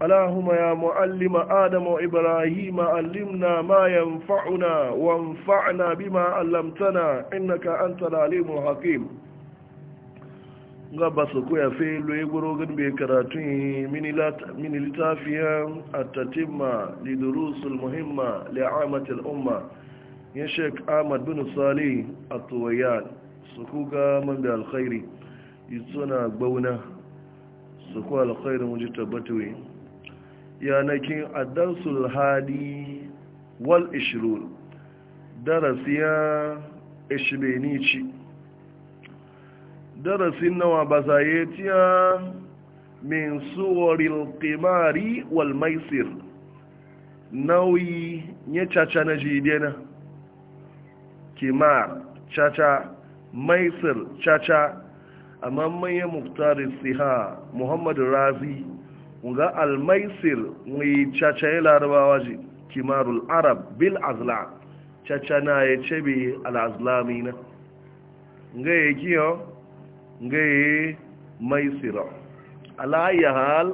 Allahumma ya adama Adam wa Ibrahim allimna ma yanfa'una wanfa'na bima 'allamtana innaka antal alimul hakim Ngaba soko ya felo egoro gan be karatu min litafiya atatimma lidurusul muhimma li'amatil umma ya Sheikh Ahmad bin Salih at-Tuwayan soko ga man bil khairi yitsuna gbauna soko al khairu mujtabatu yanakin adarsul hadi wal ishirun darasiya ishibenici darasin nawa bazayetiya min suwaril qimari wal maisir nauyi ya caca na jidena kimar caca maisir caca amma manyan muktarin siha muhammadu razi ga almaisir mai cacaye larabawa ji kimarul arab bil azla caca na ya cebe al'azlami na ga ya kiyo ga ya maisira ala'ayyar hal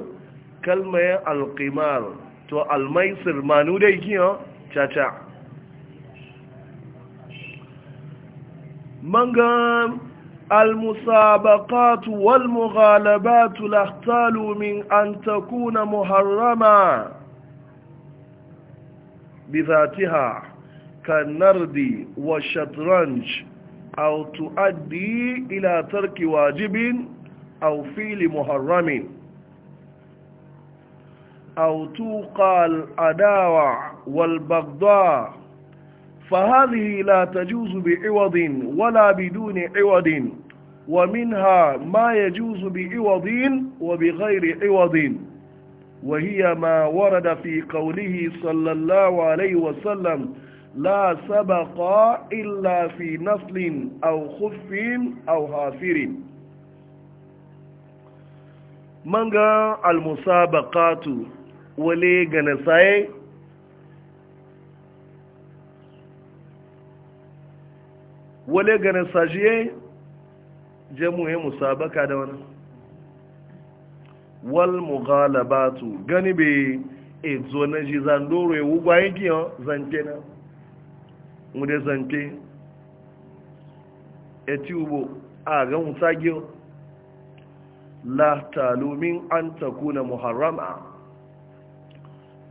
kalmayin alkimar to almaisir manu da kiyo caca mangan المسابقات والمغالبات لاختال من أن تكون محرمة بذاتها كالنرد والشطرنج أو تؤدي إلى ترك واجب أو فيل محرم أو توقع الأداوة والبغضاء فهذه لا تجوز بعوض ولا بدون عوض ومنها ما يجوز بعوض وبغير عوض وهي ما ورد في قوله صلى الله عليه وسلم لا سبق إلا في نصل أو خف أو هافر منغا المسابقات ولي غنسائي wale ganin sajiye jamuhe musabaka da wani wal mughalabatu gani be ezo na ji zandoro wugwa gwayin kiyan zante na mude zante eti ubo a ga mutagiyo la talumin an takuna muharrama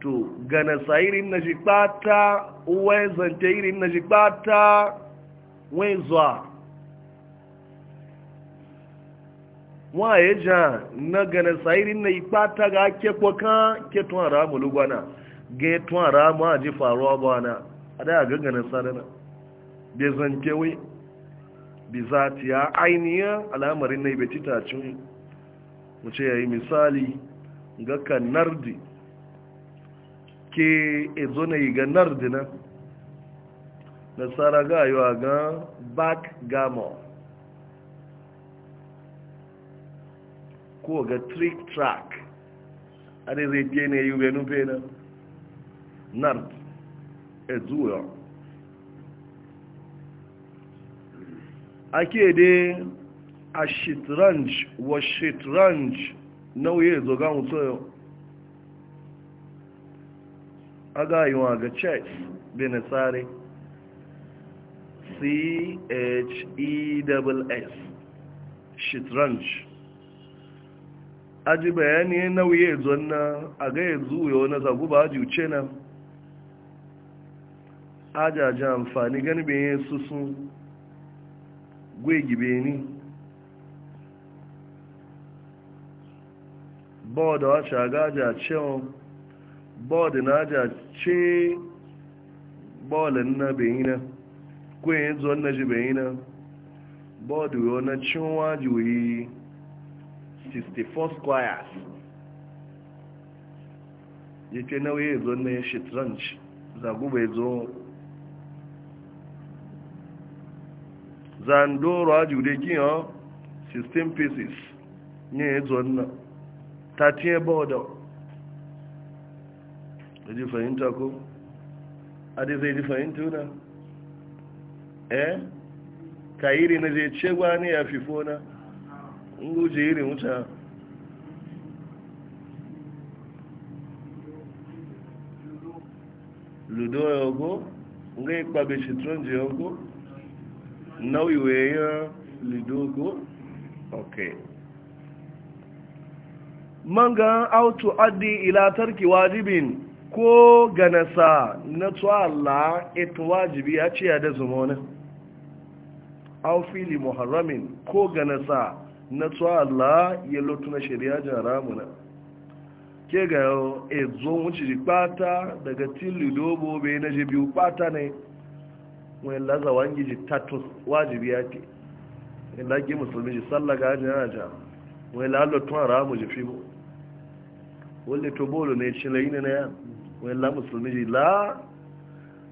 to gana irin na ji kpata uwe zante irin na ji kpata Wai zọ́ a wọ́n àyè jà na gana sayiri na ipa taga kekwa kan ketun ara mulugwana getun ara ji faruwa ba na a daya ga gana bai zankewe bi za ta ya ainihin al'amarin na ibe titacin wuce ya yi misali ga kanardi ke ezo na yi ga nardi na nasara ga yi wa gan gamo ko ga trick track e a da zai biye ne yi benin bena nard ezuwa ake dai a shitranj wa shitranj nauye zoga mutu a ga yi wa ga chess benin tsari c-h-e-s shitranj aji bayani nauye zonna a ga yanzu yau na zagu ba ji uce na ajajen amfani gani su sun ni. beni bọ́ọ̀dù ọ̀ṣà agájà cheon bọ́ọ̀dù náà jà che bọ́ọ̀lù bọọdụ benin kwen zuwan na jibeina bodu na cinwa juyi 64 squares yake nauyi zuwan na shitranch zagube zo zandoro ajude kiyan 16 pieces ne zuwan na 13 bodu da ji fahimta ko? adi zai ji fahimta yuna eh ka iri na je cegwa ni ya fifo na nguje irin wuta ludo yogo nga ikpabe shitronje yogo nauiwe ya lidogo okay manga auto adi ila tarki wajibin ko ganasa na tuwa Allah ita wajibi a ce ya da zuma wani aw fili muharramin ko ganasa na to Allah ya lotuna shari'a jaramuna ke ga e, zo wuce ji pata daga tilu dobo bai na je biyu pata ne Wai laza wangi ji tatus wajibi yake in e, wani lagi musulmi ji sallaga ajin aja wani to ramu ji fibo wani bolo ne cilayi ne na ya Wai la musulmi ji la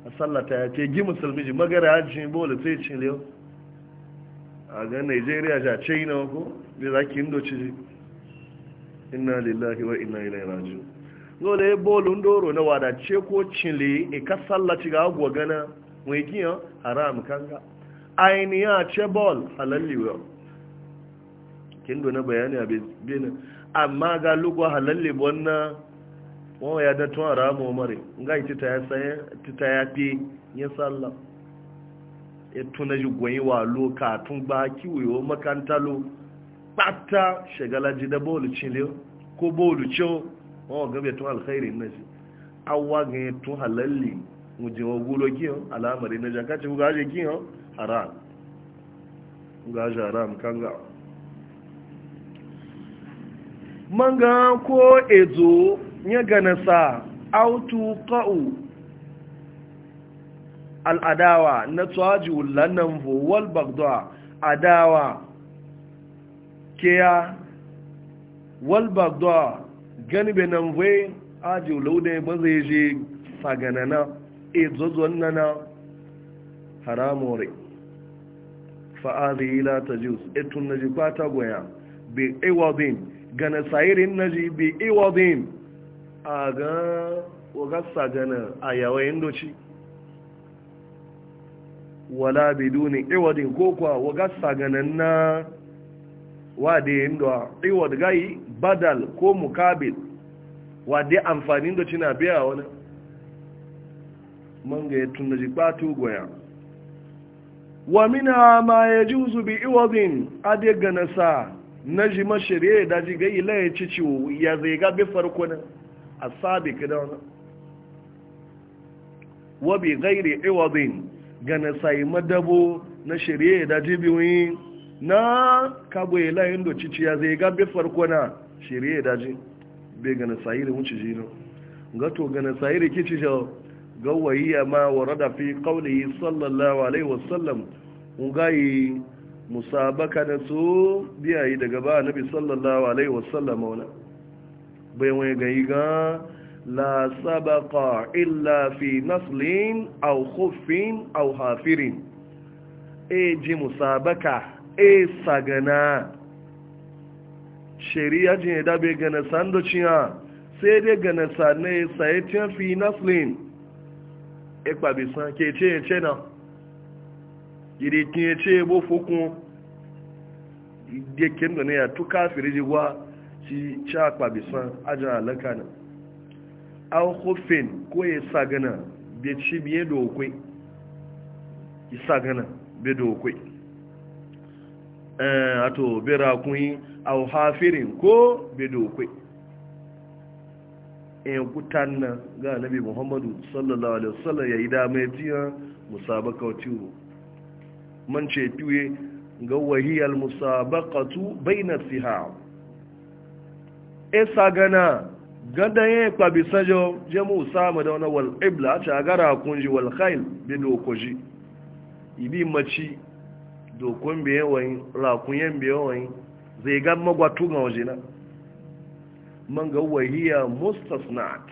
a sallata ya ce gi musulmi ji magara ajin bolo sai cilayi a ga nigeria ja na ko da za ki indoci inna lillahi wa inna ilai raju gole bolun doro na wadace ko chile e ka sallaci ga agwa gana mai kiyan haram kanga ya ce bol halalli wa kin na bayani a benin amma ga lugwa halalli wannan wawa ya da tun haramu mare ga ita ta ya fi yin sallah etu na jigwai wa lo katun ba kiwo makanta lo pata shagala ji da bolu cile ko bolu ce wọn gabe tun alkhairi na ji awa ga tun halalli mujin wa gulo kiyo alamari na jaka ce ga je kiyo haram ga je haram kan ga manga ko ezo nya ganasa autu qa'u al'adawa na tsaji wulanan vowal bagdowa adawa keya wal bagdowa gani benin vowal aji wulaudai ba zai je saganana e zozon nana haramore fa'adi ila ta jus etun na jikwata goya bi iwabin gana sayirin na ji bi iwabin a ga wagasa gana a yawayin doci wala biduni iwadin ko kuwa waga saganan na wade yin da iwad gai badal ko mukabil wade amfani da cina biya wana. man ga yatun na jikpatu goya wa mina ma ya ji bi iwadin adiga na sa na ji mashirye da ji gai laye cici ya zai gabe farko na a sabi kada wani wa bi gairi iwadin ga na sai madabo na shirye da jibiyoyi na kagwai layin da ciciya zai gabe farko na shirye da ji bai ga na sai da wuce jino gato ga na sai da kici jau ga wayiya ma rada fi yi sallallahu alaihi wasallam ungayi musabaka na su biyayi daga ba nabi sallallahu alaihi wasallam mauna bai wani ga la sabaqa illa fi naslin aw khuffin aw hafirin e ji musabaka e sagana shari'a jin da be gana sandociya sai dai gana sanne sai tin fi naslin e pa ke ce ce na yiri tin ce bo fukun de kendo ne ya tu kafiri ji wa ci cha pa bi san ajan alaka na au ko ya sa gana bai ci biye dokwai isa gana bai dokwai eh, to bai rakunyi au hafirin ko bai dokwai in eh, kutan nan ga nabi muhammadu sallallahu alaihi wasallam ya yi damar jiya musabaka tiwo man ce tuye ga wahiyar musabakatu bai na siha isa gana gadan ya kwabi sajo jemu samu da wani wal'ibla ta gara kunji walhail bi dokoji ibi maci dokon biyan wani rakunyen biyan wani zai ga magwatu ga na. man ga wahiya mustasnat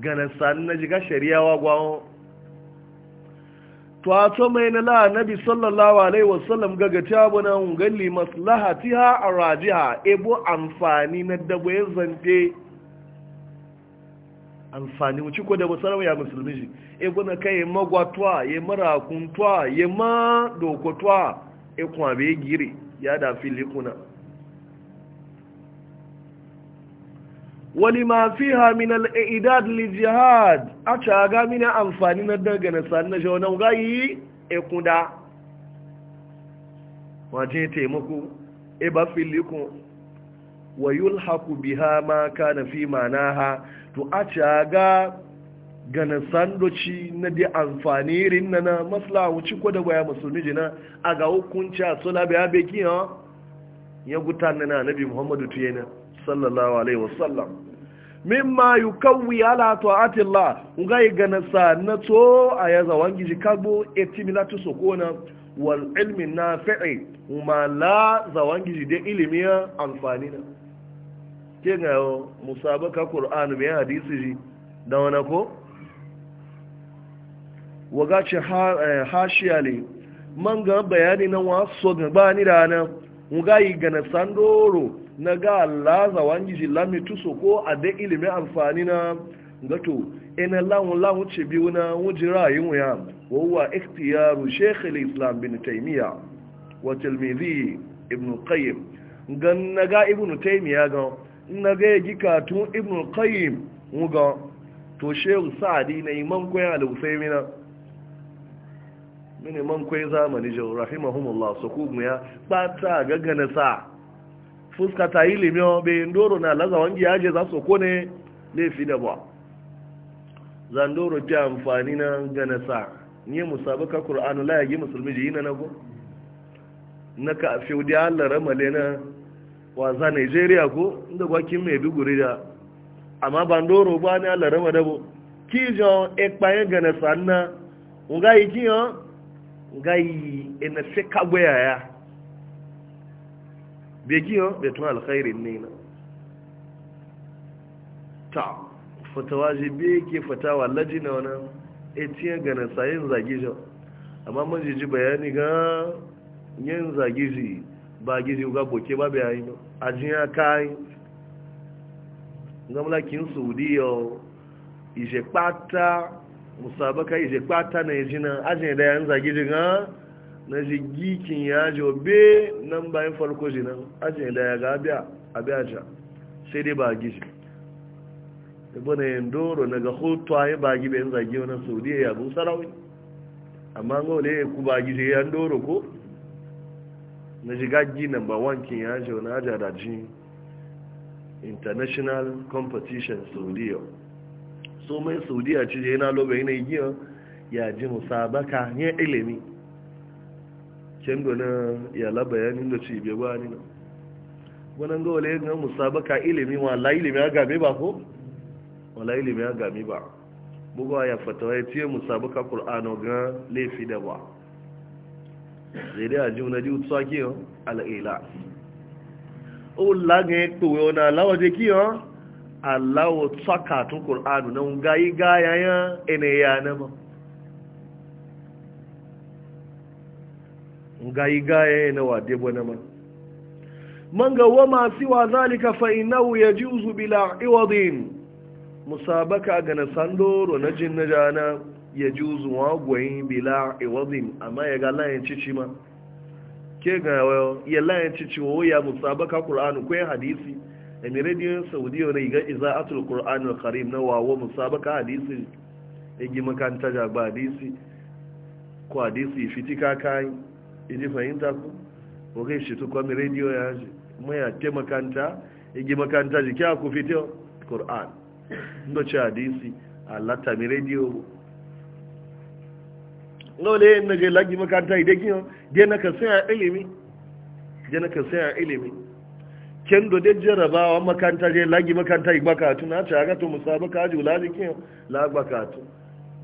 gana sani na jiga shari'awa gwawon to a to mai na nabi sallallahu alaihi wasallam gaga ta abu na ngalli maslahatiha a rajiha ebo amfani na dabo ya zante amfani wuce ko da basarawa ya musulmi shi e gona kai ya ye marakuntwa ya ma dokotuwa e kuma be giri, ya da fili kuna Wani ma fi min al i'dad lil jihad a ca gamina amfani na daga na sanin na shi wani gayi e kuda waje taimako e ba fili kun wa haku biha ma kana fi manaha to a ci ga gana sandoci na da amfani rin na na masla wuce ko da waya musulmi jina a ga hukunci a sola biya beki ya ya guta na na nabi muhammadu na sallallahu alaihi wasallam mimma kawai ala la Allah yi gana sa na to a ya zawan giji kabo etimilatu sokona wal na nafi'i ma la zawan giji dai ilimi amfani na ke ga musabaka ƙur'anu mai hadisi ji da wani ko? waga ce eh, hashiya ne man ga bayani na wasu ni da nan waga yi gana sandoro na ga laza wani ji lami tuso ko a da ilimi amfani na gato ina lawun lawun ce biyu na wujin ra'ayin wuya wawwa ikhtiyaru shekhi islam bin taimiyya wa tilmizi ibn qayyim gan na ga ibn taimiyya gan na ga yi katun ibn qayyim muga to shehu sa'adi na iman kwaye al-usaimina mini man kwaye zamani jau rahimahumullah su kuma ya bata gaggana sa fuska ta yi limiyo Be Ndoro na lazawan giyaje za su ne? laifi da ba zandoro fi amfani na gana sa ni musabaka qur'anu la yagi musulmi ji na nago na ka fi wudi Allah ramale na wasa nigeria ko inda gwakin mai duguri da amma ban doro ba ni ala rama dabo kijo e yin gana sanna nga yi kiyo nga yi ina e se kagwaya ya be kiyo be tun alkhairin ne na ta fatawa ji be ki fatawa laji na wani e etiyan gana sayin zagi jo amma mun ji bayani ga yin zagi ba gizi ga boke ba bai yi ajiya kai gamla kin saudiya ije pata musabaka ije pata na ejina ajiya da yan zagi jiga na jigi kin ya jobe nan bayan farko jina ajiya da ya ga biya abiya sai dai ba gizi ibo na yandoro na ga hoto ayi ba gibe yan zagi wannan saudiya ya bu sarawi amma ngole ku ba gizi yan doro ko na jigaggi number one kin ya jau na aja da ji international competition saudiya so mai saudiya ci yana lobe yana yi ya ji musabaka ya ilimi kin ya laba bayanin da ci biya gwani na wannan ga wale ga musabaka ilimi wala ilimi ya gami ba ko wala ilimi ya gami ba bugawa ya fatawa ya ce musabaka qur'ano ga laifi da ba zai dai a ji wani ji utsa al'ila ula ga ya kpewe wani alawa je kiyo alawa tsaka tun kur'anu na gayi gaya ya ene ya na ma gayi gaya ya na wade bu na ma man ga wama siwa zalika fa innahu yajuzu bila iwadin musabaka ga na sandoro na jin na jana ya ji uzuwa gwayin bila iwazin amma ya ga layin cici ma ke ga ya layin cici wa ya baka ƙur'anu ko hadisi emiradiyon saudiya na iga iza atul ƙur'anu karim na wawo musa baka hadisi igi e makanta ga ba hadisi ko hadisi fitika kayan iji e fahimta ku ko kai shi tukwa miradiyo ya ji maya ke makanta igi e makanta ji kya ku fito ƙur'an ndo ci hadisi a latami rediyo lole na gai lagi makaranta idan kiyo je na ka ilimi je na ka saya ilimi ken do de jarabawa makaranta je lagi makaranta igba ka tuna ta ga to musabaka ji ulaji kiyo la gba ka tu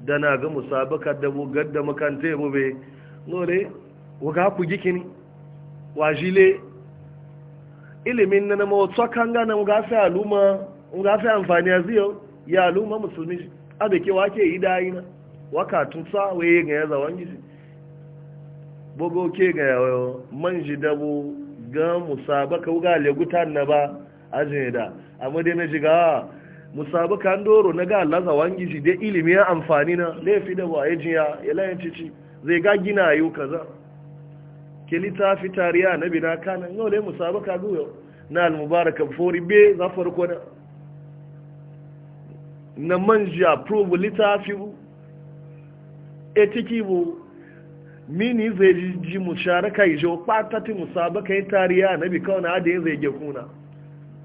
da na ga musabaka da bu gadda makaranta yabo be ngole waga ku gikini wajile ilimin nan na mawatsa kan nan ga sai aluma ga sai amfani aziyo ya aluma musulmi abe ke wake yi da na wakatun tun waye ga ya zawon gizi bugo ke ga yawo man ji dabo ga musabaka wuga legutan na ba a da amma dai na shiga ah, musabaka an doro na ga laza zawon gizi dai ilimi ya amfani na laifi da ba jiya. ya layan cici zai ga gina yau kaza ke littafi tariya na bina kanan yau dai musabaka guyo na almubaraka fori be za farko na na manja approve littafi etiki bu mini zai ji musharaka ijo patati musabaka yi tariya na bi kawai na da yin zai ge kuna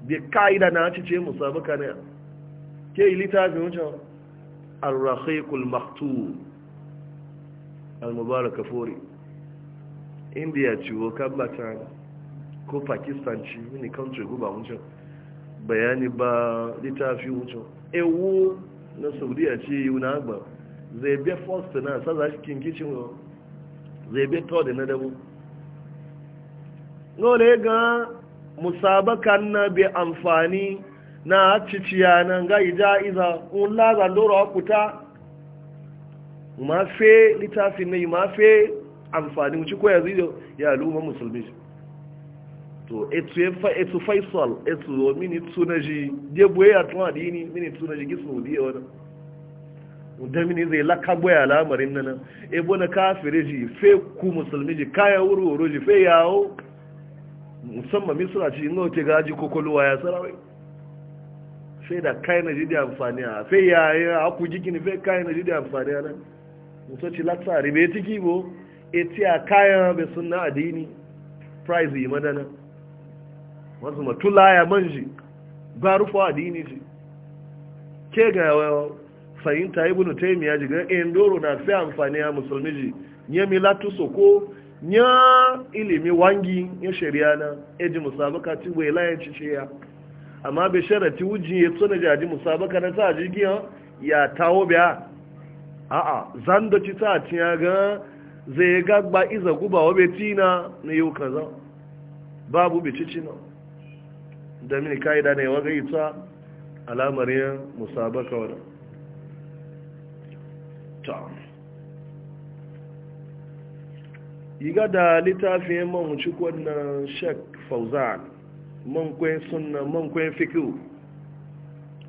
bi ka'ida na ci ce musabaka ne ke yi littafi wucin arrahikul maktu al-mubarak fori india ciwo kan batan ko pakistan ci mini country guba wucin bayani ba littafi wucin ewu na saudiya ce yi na agba zai be first na sa za shi kinkicin wa zai be third na dabu dole ga musabakan na be amfani na ciciya na ga iza un la ga doro akuta ma fe litafin ne ma fe amfani mu ci ko yanzu ya luma musulmi to etu faisal etu mini tunaji debo ya tun adini mini tunaji gisu diye wani mudamini zai lakabu ya lamarin nan ebo na kafire ji fe ku musulmi ji kaya wuri-wuri ji fe yawo musamman misra ci inga wace gaji kokoluwa ya sarawai fe da kai na ji da amfani a fe yayi jiki jikini fe kai na ji da amfani a nan mutoci latsa ribe tiki bo eti a kayan bai suna adini prize yi madana wasu matula ya manji ba rufa adini ji ke ga yawa? ta fahimta ibn taymiya jiga endoro eh, na fi amfani ya musulmi ji ya milatu soko ya ilimi wangi ya shari'a na eji musabaka ti wai layan e cice ya amma bai sharati wujin ya tsona jaji musabaka na ta jigiya ya tawo biya a zando ci ta ci ya ga zai gagba iza guba wa bai tina na yau kaza babu bai ci cina da mini ka'ida ne wa alamarin musabaka wadanda tom yiga da littafin mawuci kwanan sheik fauzan mankwai suna mankwai fikiu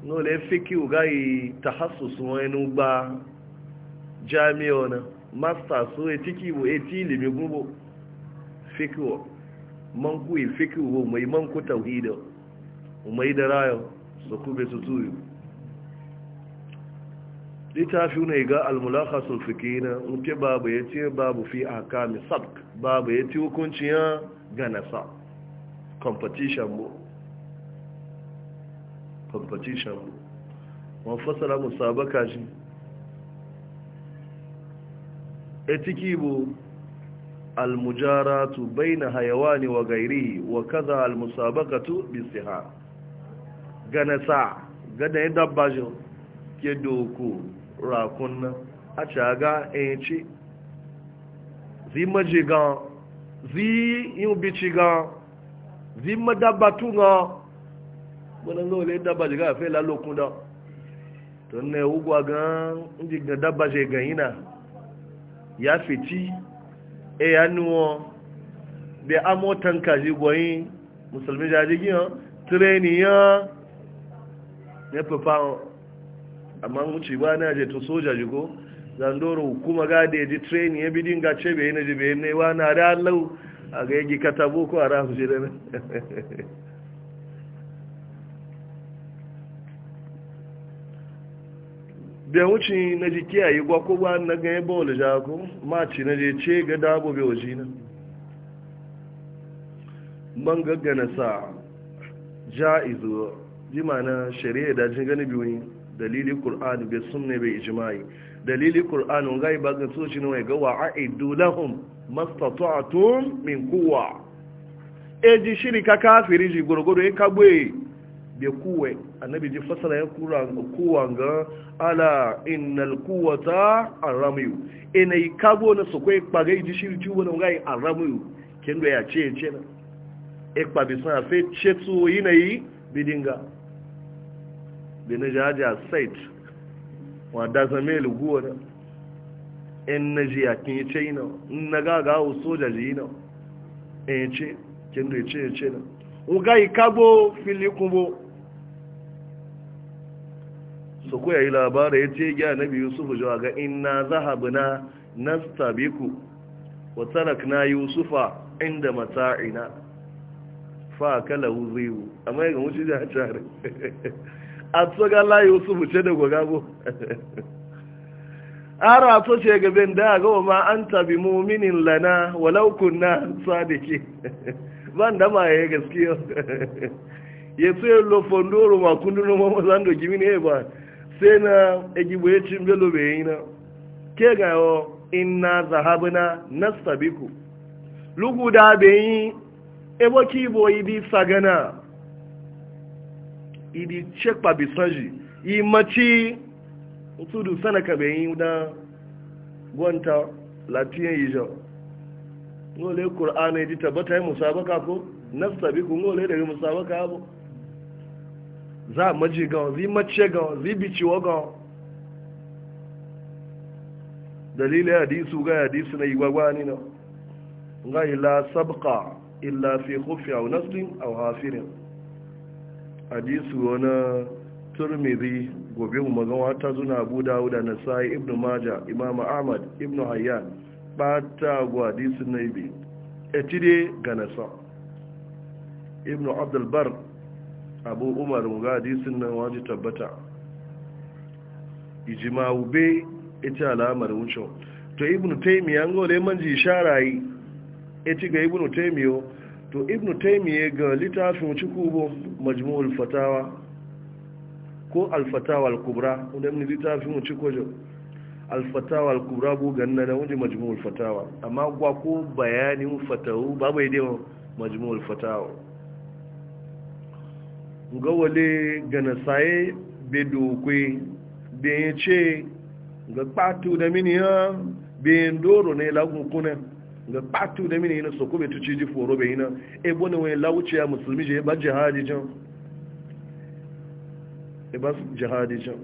nole fikiu gayi ta hasusun wani gba jami'a na masta so ya e tiki bu ya e ti limi gubo fikiu mankwai fikiu mai manku tauhido mai da rayo su kube su tuyu littafi ne ga sulfiki na nke babu ya ce babu fi kami sabk babu ya ce hukunci ya ganasa competition mu competition mu wani fasara musabaka shi etiki bu bai na hayawani wa gairi wa kaza almusabakatu bisiha ganasa gada ya dabba shi ke doku rakun nan a caga enci zi majigan zi yin gan, zi madabatunan wani ga wale daba jiga a fela lokun da don na yau gwagan jigan daba shi ganyina ya fiti e ya nuwa da amotan kaji gwayin musulmi jajigiyan tireniyan ya fi fa'on amma wuce ba na je to soja ji ko zandoro kuma ga da ji train ya bidin ga ce bai na ji bai ne wa na da Allah a ga yi kata boko a rahu ji da nan bai wuce na ji kiyaye gwa ko ba na ga yabo ja ko? ma ci na je ce ga dabo bai waje na ban gaggana sa ja'izu jima na shari'a da jin gani biyu dalili Kur'an bai sunne bai ijma'i dalili wanga yi bagin soci ne wai ga wa'iddu lahum mastatuatun min quwwa eji shirika kafiri ji gurgudu ya e kagbe bai kuwa annabi ji fasara ya kura kuwa ga ala kuwa ta aramiyu ina e yi kagbo na su kwai kpagai ji shiri wani wanga yi aramiyu kendo ya ce ce na ikpa e bisan afe cetu yi na yi bidinga da na jaja site wadda zame luguwa na in na ji yakin ya ce yi na in na gaga soja ji yi na in ya ce kin da ya ce ya ce na uga ikagbo filikunbo su kuya yi labarai ya ce gya na biyu su fujo ga ina zahabu na nastabiku wa tarakna yusufa inda mata'ina fa kala huzihu amma ga wuce da tare a tsoga layi su buce da goga ara to gaben da ga ma an tabi muminin lana walau na sadiki ban da ma ya gaskiya ya tsaye lo fondoro ma kundin ma zan do gimi ne ba sai na egibo ya cin belo bai na ke ga yo inna zahabna nastabiku lugu da bai ebo bi sagana idi cekpa bisanji imaci tudu sana kabe yi da gwanta latiyan yi jau ngole qur'ana yi tabbata yi musabaka ko nasabiku ngole daga musabaka abu za maji ga zi mace ga zi biciwa ga dalilin hadisu ga hadisu na igwagwa ni na ga ila sabqa illa fi khufi aw naslin aw hafirin hadisu wani turmiri gobe mu magan ta zuna abu dawuda na sa'i ibn maja imam ahmad ibn hayyan bata gu hadisu na ibi etide ga nasa ibn abdulbar abu umar mu ga hadisun nan waje tabbata ijima ube ita alamar wucin to ibn taimiyan gole manji sharayi e ci ga ibn taimiyo to ibn taimiyya ga littafin cikubo majmu'ul fatawa ko alfatawa al-kubra wanda ibn littafin cikojo alfatawa al-kubra bugan na da wajen majmu'ul fatawa amma gwa ko bayanin fatawu babu ya dewa majmu'ul fatawa ga wale gana saye be dokwe bayan ce ga kpatu da miniyan be doro ne lagun kunan ga patu da mini yana so ko tuci ji foro bai yana e bona wani lauci ya musulmi je e ba jihadi jan e ba jihadi jan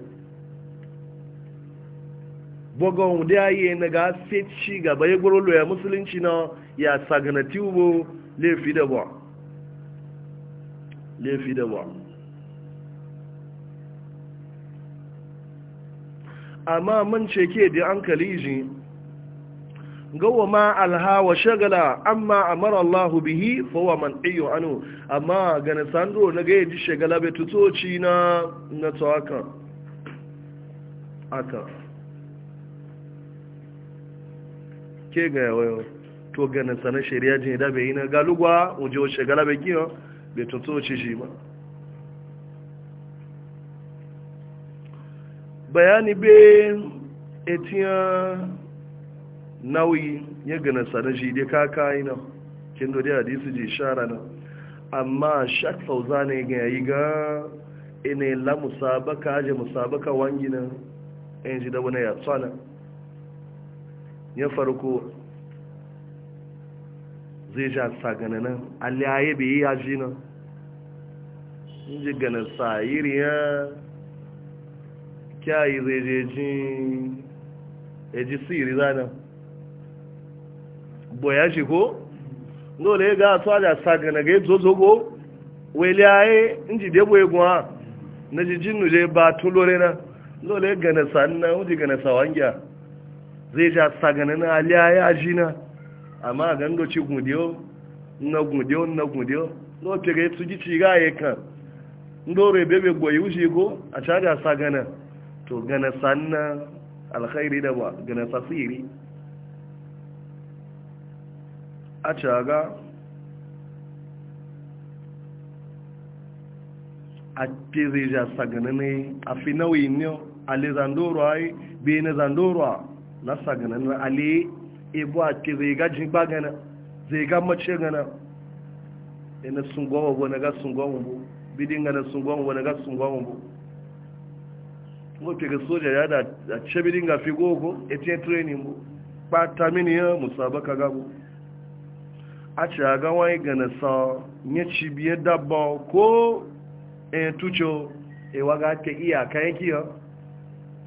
bogon da yayi na ga fetci ga bai goro ya musulunci na ya saganati ubo lefi da ba lefi da ba amma man ce ke da hankali jin gawa ma wa shagala amma amara Allah bihi fowa man iyo anu amma gane sandro na ga eji shagala bai tutoci na na to aka aka ke ga yawayo to gane sanar shari'a jini da bai yi na galugwa wajen shagala bai kiyo bai tutoci shi ba bayani bai etiyan nauyi ya gina sanar shi dai kaka yi na kin dodi hadisi ji shara na amma shak fauza ne ga yi ga ina la musabaka aje musabaka wangi na yin ji da wani ya tsana ya farko zai ja sagana nan aliyaye bai yi ya ji na in ji gana sayiriya kyayi zai je jin ji siri zanen boya shi ko dole ga to da saga ga zozo go wele aye inji de boye na ji jinnu je ba na dole ga na sanna uji ga na sawangya zai ja na aliya ya jina amma ci gudiyo na gudiyo na gudiyo no pege su ji ga kan ndore bebe boye a ta na da a caga a teze ja sagana ne a fi nauyi ne ale zandoro ai be na zandoro a la sagana ne ale ebo a teze ga jin ba gana zai ga mace gana ina sun goma bo na ga sun goma bo bidin gana sun goma bo na ga sun goma bo mo pega soja ya da a ce bidin ga fi gogo etiye training bo ta mini ya musabaka gabo a ci a ga wani ga nasa ya ci biye dabba ko e tucho e iyaka yake ya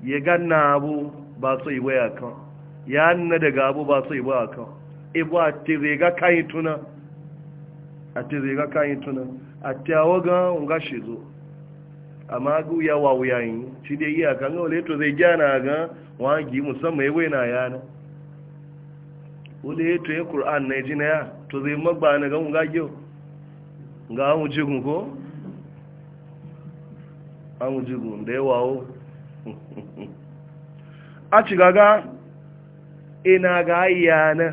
ya ganna abu ba so iwe ya na daga abu ba so iwe a kan ibu e a tirega kayi tuna a tirega kayi tuna a tiyawa ga nga shi zo amma gu ya wa wuyayin shi dai iyaka ga wale to zai gyana ga wani musamman iwe na yana wale to ya kur'an na ya na ya to zai magba na gan ga gyau ga an wuce gun ko an wuce gun da yawa o a ci gaga ina ga ayyana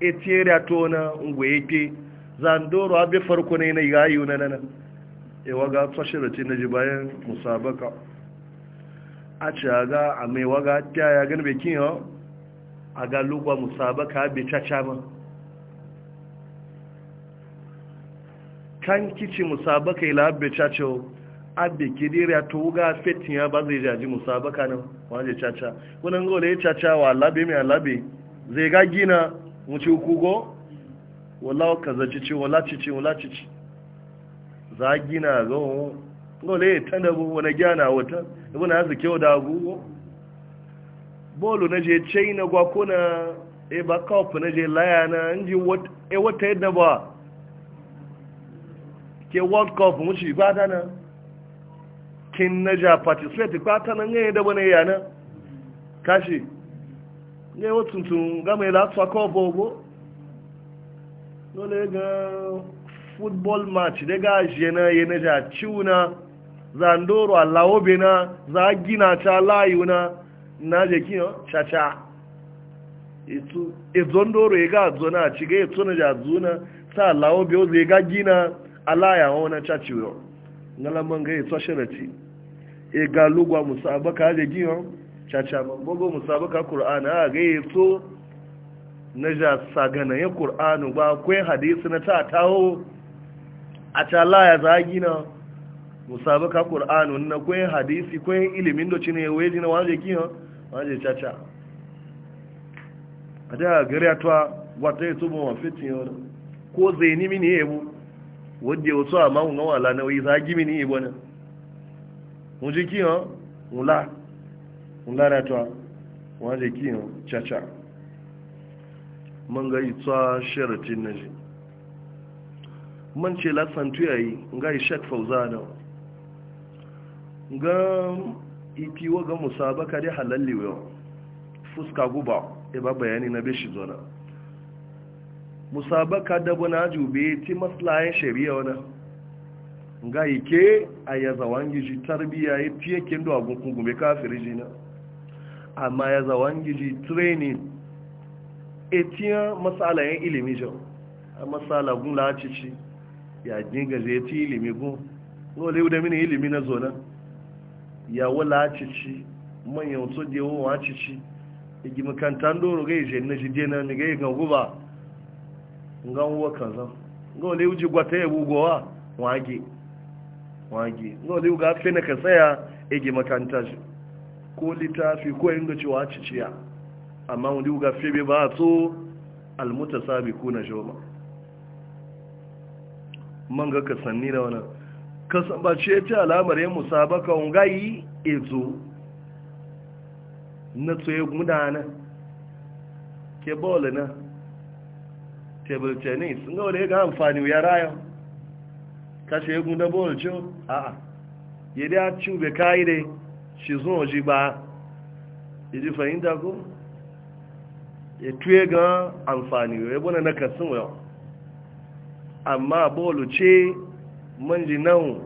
e etiyar to na ngwe yake e zandoro abin farko ne na yayu e na nan yawa ga na ji bayan musabaka a ci ga a mai waga ta ya gani bai kiyo a ga lugba musabaka bai caca ma kan kici musabaka ila abbe chacho abbe kidira to ga fetin ya ba zai jaji musabaka nan waje chacha wannan gole ya chacha wa labe mai labe zai ga gina muci ci kugo wallahi kaza cici wala cici wala cici za gina zo gole ya tanda bu wani gana wata ibn arziki yau da gugu bolu na je china gwa kuna e ba kawfa na je inji wata e wata yadda ba ke world cup wuce ba ta nan kin na ja participate ba ta nan yayin da bane yana kashi ne wotun tun ga mai latsa cup no dole ga football match da ga jena na ja ciuna zandoro allawo na za gina ta layuna na je cha cha itu izondoro ya ga zona ci ga ya tuna ja zuna sa bi o zai ga gina alaya wani caci yau ngalaman ga yi tsoshirati e ga lugwa musabaka da giyon caca chacha bugu musabaka kur'ana a ga yi so na ja saganaye kur'anu ba kwai hadisi na ta tawo a calaya za a gina musabaka kur'anu na kwai hadisi kwai ilimin da cine weji na waje giyon waje caca a da gari a tuwa wata yi tubo mafitin yau ko zai nimi ne yabo wadda wasu a mahun gawa la na wisa gimi ni ibo na mun ji kiyo mula mula na to wa je kiyo chacha man ga itsa sharatin naji man ce la santu yayi ga shek fauzana ga ikiwa ga musabaka dai halalli wa fuska guba ya ba bayani na bishi zona musabaka da bana jube ti maslayen shari'a wani ga ike a ya zawangi ji tarbiya ya fiye kendo agun kungume kafiri ji na amma ya zawangi ji training etiya matsalayen ilimi jau a matsala gun lacici ya dinga zai ti ilimi gun lole wuda mini ilimi na zona ya wu lacici manyan so da wacici igi makantan doro ga ije na jide na mi ga yi guba nga nwa kaza nga ole uji gwata ya bugo wa wage wage nga ole uga na ka tsaya ege makanta shi ko litafi ko inga cewa ciciya amma wani uga fe be ba so na jawma man ga kasanni da wannan kasambace ta alamar yin musabaka ungayi ezo na tsoye gudana ke bola na table tennis nga wale ga amfani ya rayo kashe egun da bol jo a a ye da chu be kai de shi zo ji ba idi fahimta ko e tuye ga amfani ya bona na kasin wa amma bolu ce manji nan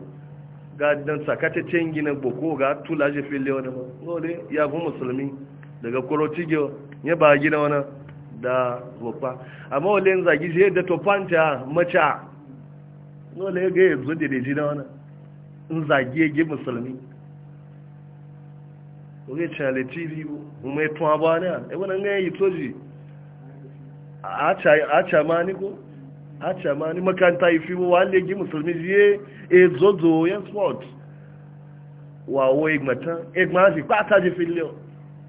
ga dan sakata cengi na boko ga tula je fili wani ba ya bu musulmi daga korotigiyo ya ba gina wani da zofa amma wale yin zagi shi da tofanta maca wale ya ga ya zo da daji na wani in zagi ya gi musulmi wale cale tv kuma ya tuwa ba ne a yi wani ga ya yi toji a ca ma ni ko a ca ma ni makanta yi fi wale gi musulmi ji ya zozo ya sport wa wo igmata igmata ji pata ji filiyo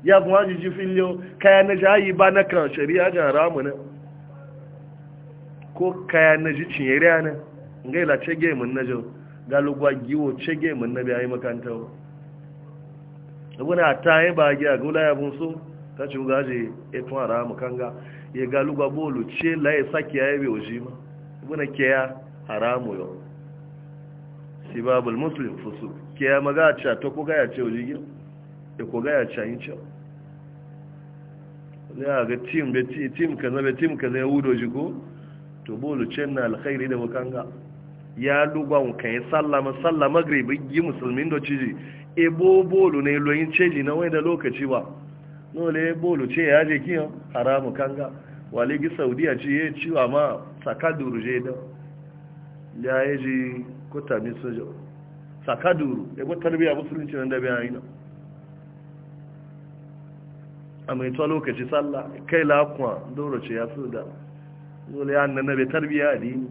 ya kuma jiji filiyo kaya na jayi ba na kan shari'a ga haramu na ko kaya na ji cinyere na ga ila ce gemin na jau galugwa giwo ce gemin na biya yi makanta wa abuna ta yi ba giya gula ya bun so ta ci gaji etun haramu kanga ya galugwa bolu ce laye sake ya ebe bai waje ma abuna ke ya haramu yau muslim fusu ke ya maga a ta ya ce waje da ko gaya cayin ne a ga tim da tim kaza da tim ka zai wudo shi ko to bolu cen na alkhairi da wakanga ya lugwan kan ya sallama sallama gribi yi musulmin da ciji e bo bolu na iloyin ceji na wani da lokaci ba nole bolu ce ya je kiyan haramu kanga wale gi saudiya ce ya ciwa ma sakaduru je da ya yi ji kuta kutami sojo sakaduru ya ko e biya musulunci nan da bayan yi nan a mai tuwa lokaci sallah kai lakwa doro ce ya su da dole ya annana bai tarbiya a dini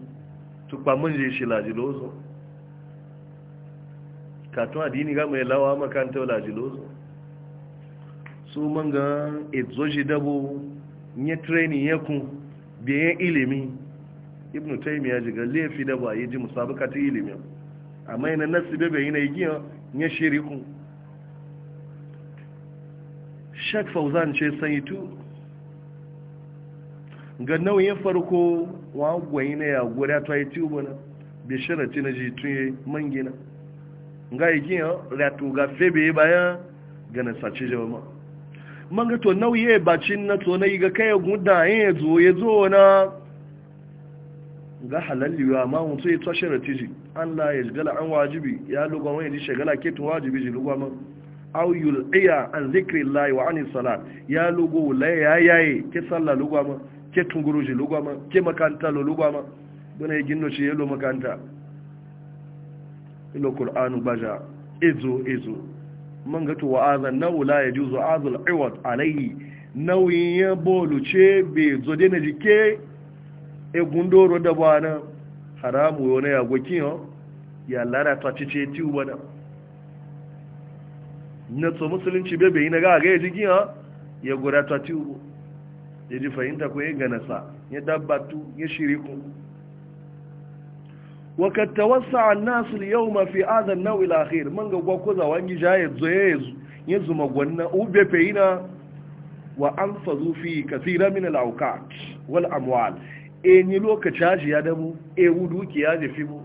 tukpa mun je shi lajilozo katon dini ga mai lawa makanta lajilozo su man ga ezo shi dabo nye treni ya kun biyan ilimi ibn taimi ya jiga laifi dabo a yi ji musabaka ta ilimi amma yana nasi bebe yana igiyan nye shirikun shek fauzan ce saitu ga nauyin farko wa gwai na ya gura ta yi tubu na bishira ci na jitun ya mangina ga yi kiyan ratu ga febe bayan ga na sace jama manga to nauye bacin na to na yi ga kai guda yin ya zo ya zo na ga halalliwa ma mutu ya tashira tiji an la ya gala an wajibi ya lugwa wani ji shagala to wajibi ji lugwa man aw yulqiya an llahi wa anis salat ya lugu la ya yayi ke salla lugu ma ke tunguru ji lugu ma ke makanta lo lugu ma dona yi ginno shi yelo makanta ilo qur'anu baja izo izo man ga to wa'azan nawu la yajuzu azul iwad alayhi nauyin ya bolu ce be zo de na jike e gundoro da bana haramu yone ya gokin yo ya lara ta cice tiwo da. na to musulunci bebe yi na ga ga yaji giya ya gura ta tiwo ya ji fahimta ko ya ganasa ya dabbatu ya shiriku wakad tawassa an-nas al-yawma fi hadha an-naw al-akhir man ga za wangi jaye zoye ya zuma gwanna ube feina wa anfazu fi kathira min al-awqat wal amwal e ni lokaci ya damu e wudu ya jefi mu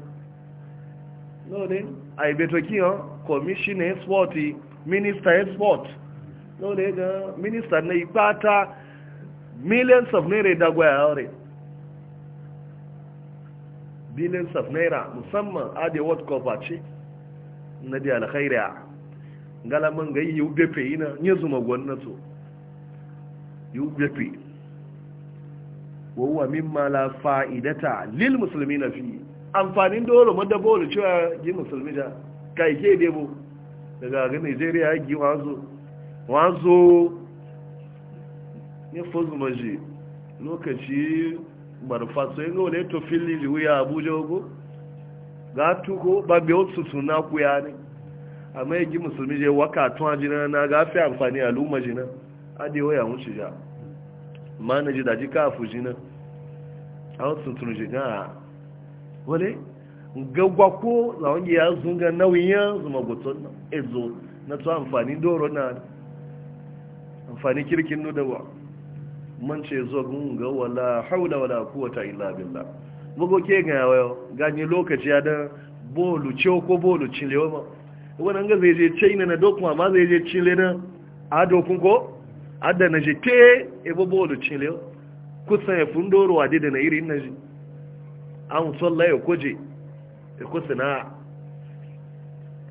no ne ai beto kiyo commission minister export lórí gan minister na ipá ta millions of naira dagwa ya ọrẹ billions of naira musamman adi world cup a ce na di alkhairi a ah. galaman ga yi ubepe yi na nye zuma gwamnato yi ubepe min ma la fa'idata lil musulmi na fi amfanin dole madabolu cewa yi musulmi da kai ke debo daga ga nigeria ya gi wazo wazo ya fuzu maji lokaci barfa sai ga wale to fili liwuya abuja ogo ga tuko ba bai wasu suna ya ne amma ya gi musulmi je waka tuwa ajina na gafi amfani al'umma jina adewa ya wuce ja ma na ji daji kafu jina a wasu tunu jina wale gagwa ko za wani ya zunga nauyin zuma gutsun ezo na to amfani doro na amfani kirkin nudawa da man ce zo gun ga wala haula wala quwata illa la bugo ke ga ganye lokaci ya da bolu ce ko bolu cile ma an ga zai je china na dokuma ma zai je cile na ado kun ko adda na je te e bo bolu cile kusan ya fundoro ade dida na irin na ji an sallaye koje ikusina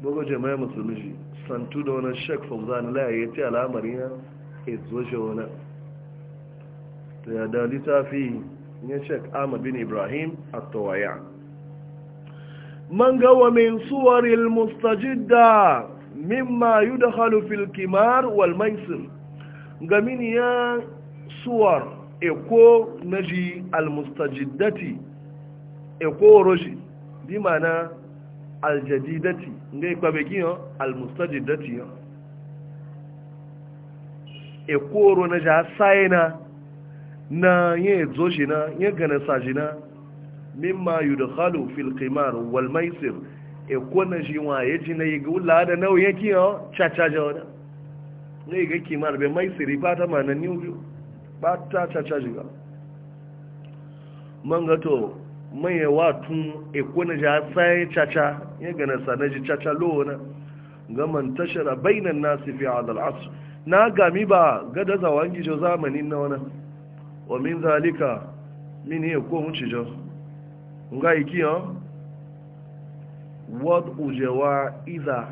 bugu jama'a musulmi shi santu da wani shek fauzan laye ya ce al'amari na ezo shi wani ta yada littafi ya shek ahmad ibrahim a tawaya man gawa min suwaril mustajidda mimma yudakhalu fil kimar wal maisir ya suwar eko naji al mustajiddati eko roji bi mana aljadidati ngai kwabe giyo almustajidati yo e koro na ja sayna na ye na. ye gana sajina mimma khalu fil qimar wal maisir e na ji wa ye ji na yiga ulla da nawo yake yo cha cha jawda ngai ga kimar be ta ma na ni ujo ba ta cha cha jiga mangato maye watun ikuna ja sai caca ya gana sanaji caca lona gaman tashara bainan nasi fi hadal asr na gami ba gada zawan gijo zamanin na wana wa min zalika min ya ko mun cijo nga iki yo wad ujewa idha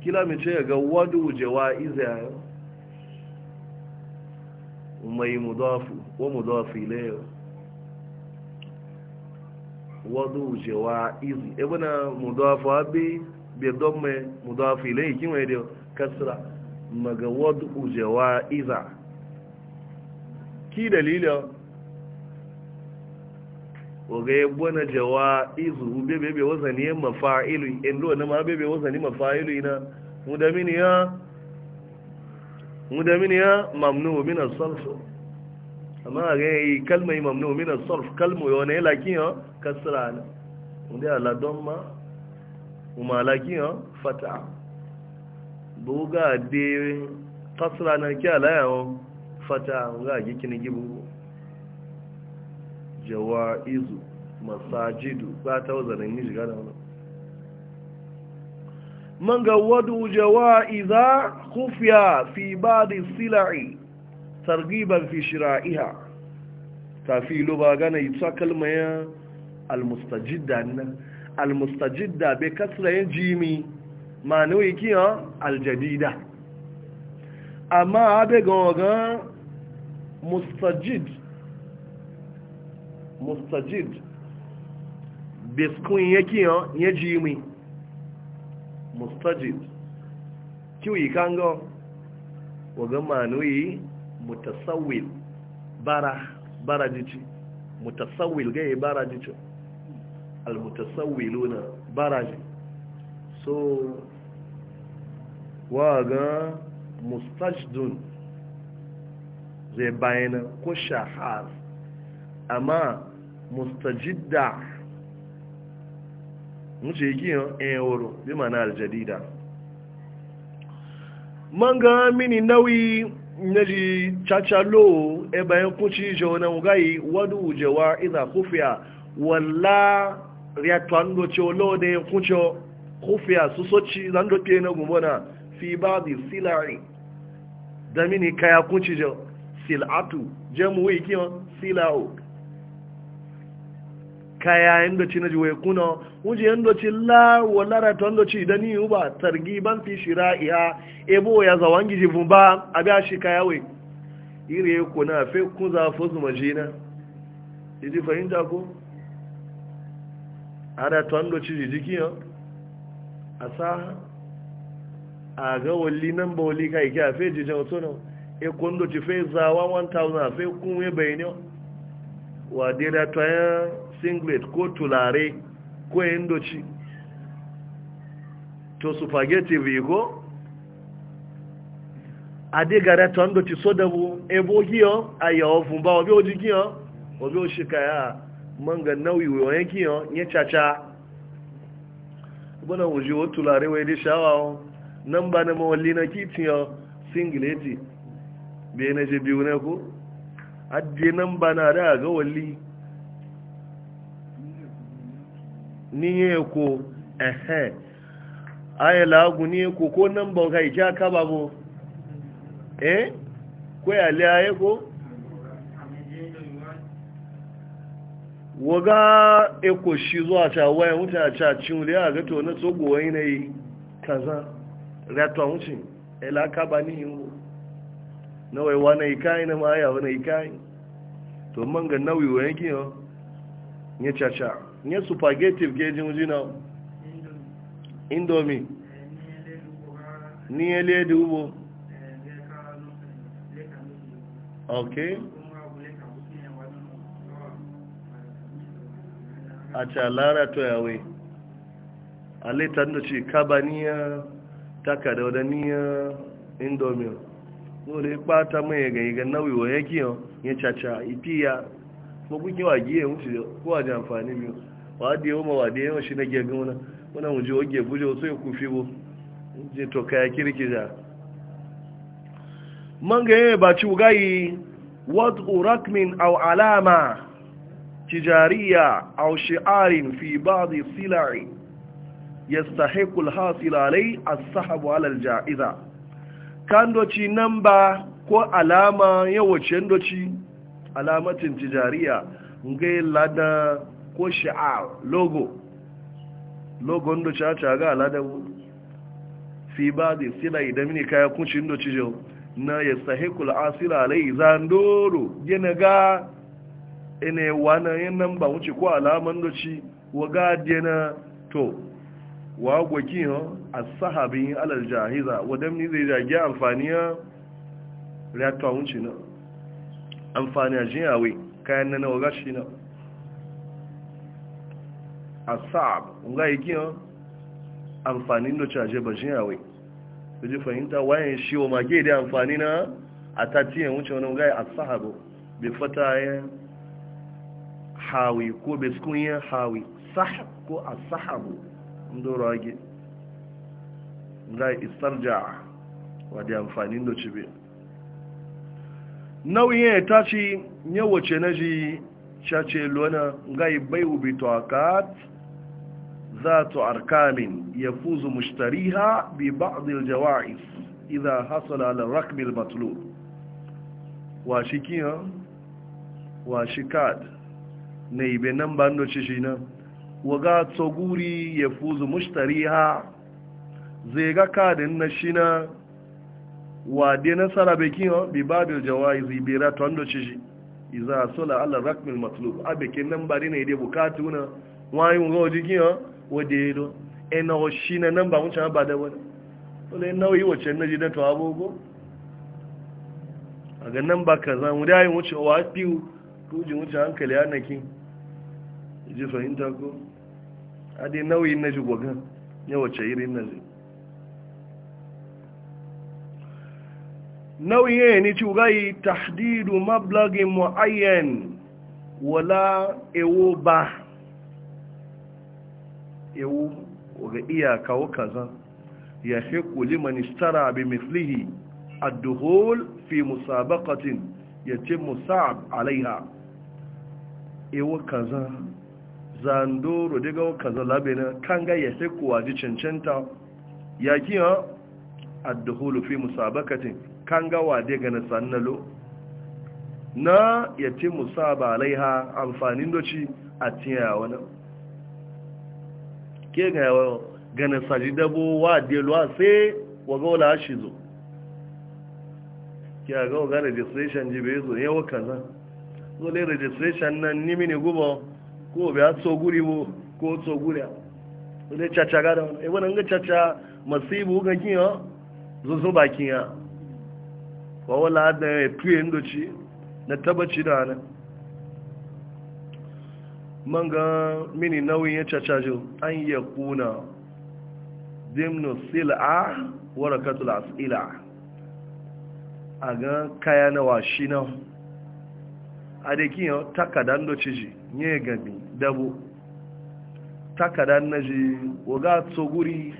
kila mi ce ga wad ujewa idha mai mudafu wa mudafu ilayo wadu ujewa izi ebuna mudafu abi bi don mai mudafu ilayi kin wai da kasra maga wadu ujewa iza ki dalilin oga ya bwana jawa izu bebe be wazani ya na mu da ya mamnu min as-sarf amma ga yi kalmai mamnu min as-sarf kalmu yo ne lakin yo kasra ne mu da la domma mu malakin yo fata buga de kasra na ki ala yo fata ga gi kini gibu jawaizu masajidu ba ta wazanin ni shiga da wannan man ga wadu jawa'iza kufiya fi ba da sila'i targiban fi shira'iha tafi luba gana ita kalmaya almustajidda nan almustajidda be kasrayin jimi ma nuyi kiyan aljadida amma abe gangan mustajid mustajid biskun ya kiyan ya jimi mustajid kiwi kango waga manuyi mutasawil bara bara jici mutasawil ga yi bara jici almutasawiluna bara ji so waga mustajdun zai bayana ko shahar amma mustajidda muce giyan enyeworo eh, bi mana aljadida man ga mini nauyi na ji cacalo e bayan kuci je wani wugayi wadu ujewa iza kufiya walla riyatuwan doce wala da ya kuce kufiya su soci zan doke na gumbona fi ba di silari da mini kaya kuci je silatu jamu wikiyon sila'u kaya inda doci na wai kuna wuje yin doci la walara ta yin doci idan yi ba targi ban fi shira iya ebo ya zawon gizi fun ba a biya shi kaya wai iri ya kuna fe kun za fo su majina iji fahimta ko ara ta yin doci jijiki ya a sa a ga wali nan ba wali ka kai kya fe jijin wato nan e kun ci fe zawa 1000 fe kun we bayani wa dai da ta yin singlet ko tulare ko endochi to spaghetti vigo adigara to ndoci sodabu ebo hiyo aya ofun ba obi oji kiyo obi o shika ya manga nawi we yan kiyo nye chacha bona uji o tulare we di shawa nan ba na mawallina kitiyo singleti be na je biyu ne ko adde nan nambana na da ga walli niye ko ehe aya lagu niye ko ko nan ba kai ja ka babo eh ko ya le aya ko waga eko shi zuwa cewa waya wuta a ca cin wuri a na tsogo wani e na yi kaza ratuwa wuce ilaka ba ni yin na waiwa na yi na maya wani yi kayi to manga ga nauyi wa yankin yau ya caca nye supageti geji ujina indomi ni niile di ugbo ok acha lara to yawe aleta ndo ci kabaniya takada wadaniya indomi wole pata mai ga iga nauyi wa yake yau ya caca ipiya ya. kun wa giye mutu ko a amfani biyu wadi yau ma wadi yau shi na gefe wani wani wuje oge buje wasu ya kufi bu je to kaya kirki da man ga yaya ba ci wugayi wadu urakmin au alama tijariya au shi'arin fi zai silari yastahiqu al ha alai a sahabu ala Kan jaiza kandoci ba ko alama yawace doci alamatin tijariya ngai lada ko sha'ar logo logo ndo caca ga aladabu fi ba da sila idan mini kaya kunshi ndo cijau na ya sahikul asila alai zandoro gina ga ene wana yin nan ba wuce ko alaman ndo ci wa ga dena to wa gwaki ha a sahabin alal jahiza wadan ni zai jage amfani ya riyatuwa wuce na amfani a jiyawai kayan na na waga shi na asab nga yi kiyan amfanin da caje bashin yawai da ji fahimta wayan shi wa mage da amfani na a tatiyan wuce wani nga yi asahabu bai fata yin hawi ko bai sukun yin hawi sahab ko asahabu ndoro age nga yi istarja wa da amfanin da cibe nauyin ya tashi yawace na ji cace lona nga yi bai ubi to akat ذات أركام يفوز مشتريها ببعض الجوائز إذا حصل على الركب المطلوب واشكيا واشكاد نيبي نمبر نوشيشينا وغا تصغوري يفوز مشتريها زيغا كاد نشينا wadai nasara bekin bi babil jawaizi bi ratan do ciji iza sala ala rakmil matlub abekin nan bari ne dai bukatu na wayin rojikin wade don ina o shi na nan ba mun can ba da wani wala nauyi yi wace na ji na to agogo a ga nan ba kaza mu da yin wuce wa fiu ko ji wuce hankali anakin ji fahimta ko a dai nauyi na ji gogan ya wace irin na ji nauyin ni ci gai tahdidu mablagin mu'ayyan wala ewo ba ewu ga iyaka wa kaza ya hiku kuli manistara bi mislihi ad-dukhul fi musabaqatin ce musab alaiha ewu kaza zandoro daga wa kaza labena kanga ya fi kuwa ji cancanta ya kiya ad-dukhul fi musabaqatin kanga wa daga na sannalo na ce sa'ab alaiha amfanin doci a tiyawa nan ke ga ganin sajidabo wa deluwa sai waga wala shi zo ki ga waga registration ji be zo yawa kaza so le registration nan ni mini gubo ko bai so guri bo ko tso guri so le chacha ga da e wannan ga chacha masibu ga kin yo zo zo bakin ya ko wala da tuye ndoci na tabbaci da nan man ga mini nauyin ya cacajin an ya kuna dimnu sil'a warakatul as'ila a ga kaya na washi na a da kiyan takadan da ciji gami dabo takadan na ji waga tsoguri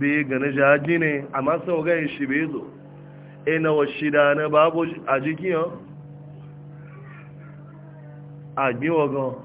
be gane na jaji ne amma sau ga shi be zo e na washi da na babu a jikiyan a gbiwa gan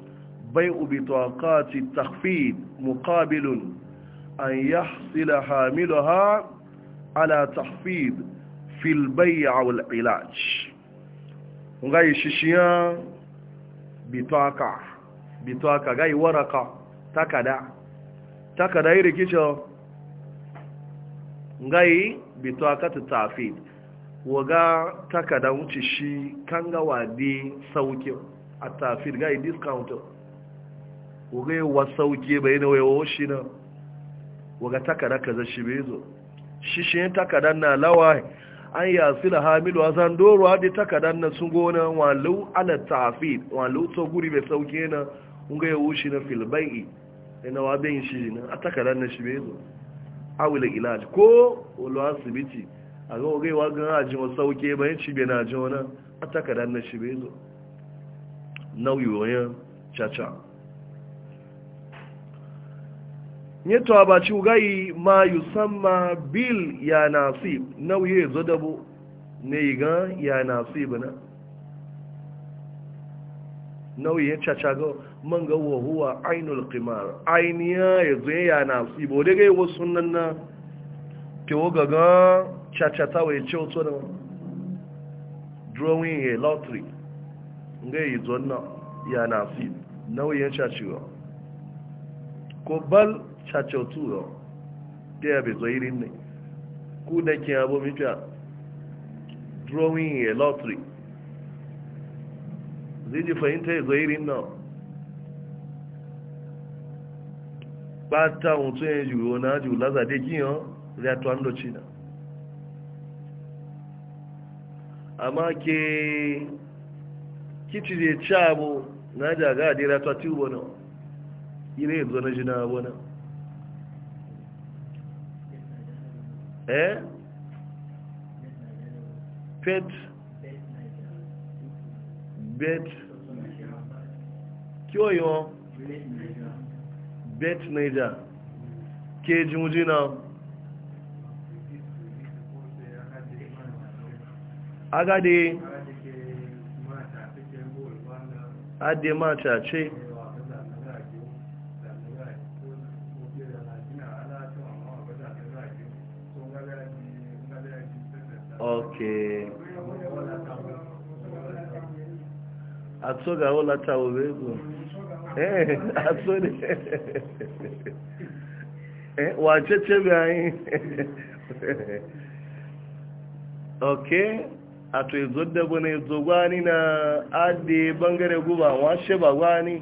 bai'u bi taqati takhfid muqabilun an yahsila hamiluha ala tahfid fil bay' wal ilaj ngai shishiya bitaka bitaka gai waraka takada takada iri kicho ngai tafid waga takada wuce shi kan gawa di sauki a tafid gai discount wa wasauke bai na wayo shi na waga takada kaza shi bai zo shi shi takadan na lawa an yi yasi na hamilu a zan a di takadan na sun gona walau ala tafi walau to guri bai sauke na unga ya shi na filbai ina wa bin shi na a takadan na shi bai zo awila ilaji ko ulu asibiti a ga waga wa ga ajin wasauke bayan shi bai na jona a takadan na shi bai zo nauyi wayan caca yato a baci gai ma yusamma bil ya nasib nauye zo dabo ne ga ya nasib na nauye caca ga man ga ainul qimar ainiya ya zo ya nasib o daga yawo sunan na kewo ga ga caca ta wai ce wato na drawing a lottery ga yi zo na ya nasib nauye cacewa ko bal church of two there be so irin ne ku da ke abu mi fi drawing a lottery zidi fahimta ya zoiri nna bata hutu ya ji wo na ji wulaza da gini yan reato ando china amma ke kiti da ya ci abu na ji aga adi reato ati ubo na ire ya zo na ji na abu na eh pet bet kí ó yọ bet niger kejì ojú na agade adé máa tàà ke atso ga olata owe ego ee atso ee wa chechebe anyị oke ato ezo dabo na ezo gwani na adi bangare guba wa sheba gwani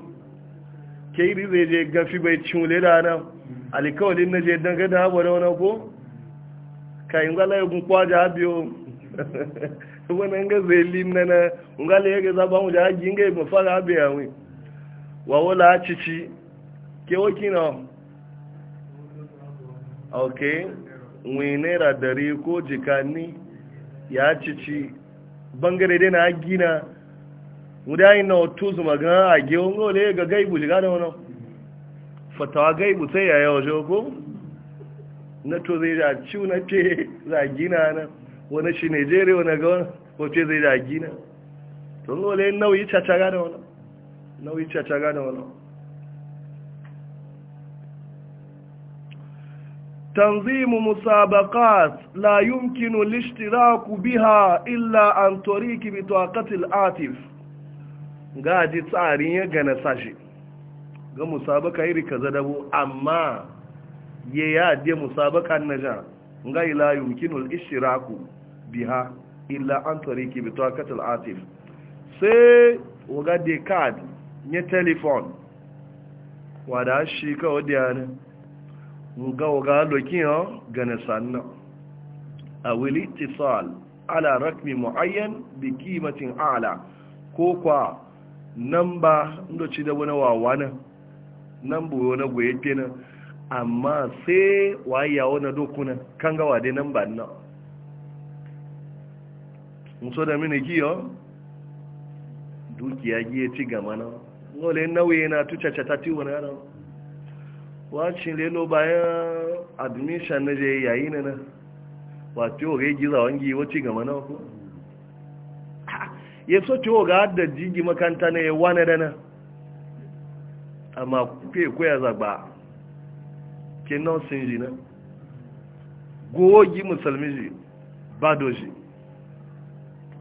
ke iri e zai je gafi bai cimule e da nan alikawalin na je dangada abu da wani ko kayan e gwala ya gunkwa Wani an ga zai zeli na, ngale yake za ba mu da haji ngai ba fara be yawi wa wala cici ke Ok. okay wenera dare ko jikani ya cici bangare dai na gina yi na otu su magana a gewon gole ga gaibu shiga da wani fatawa gaibu sai yaya wajen ko na to zai da ciwo na ce za gina na wani shi jere wani ga wace zai da gina to ne nauyi cacaga da wani nauyi cacaga da wani تنظيم مسابقات لا يمكن الاشتراك بها إلا عن طريق atif ga ji tsarin ya gana sashi ga musabaka iri ka zadabo amma ya yi yadda musabakan naja ga ila yumkinul ku. biha illa an ki bi taqatil atif sai waga de card ne telefon wada shi ka wadiya ne waga waga lokin yo gane sanna awil ittisal ala rakmi muayyan bi qimatin a'la ko kwa namba ndo ci da wani wawana namba wani goye kenan amma sai waya wani dokuna kan gawa dai namba nan muso da mini giyo dukiya giye ci gama na ngole nauyi na tucaca ta ti wani ana wacin lelo bayan admission na je yayi na na wato ga giza wangi wace gama na ko ya so ciwo ga da jigi makanta ne ya wane dana amma kuke koya zagba ke nan sun ji na gowogi musulmi ji badoji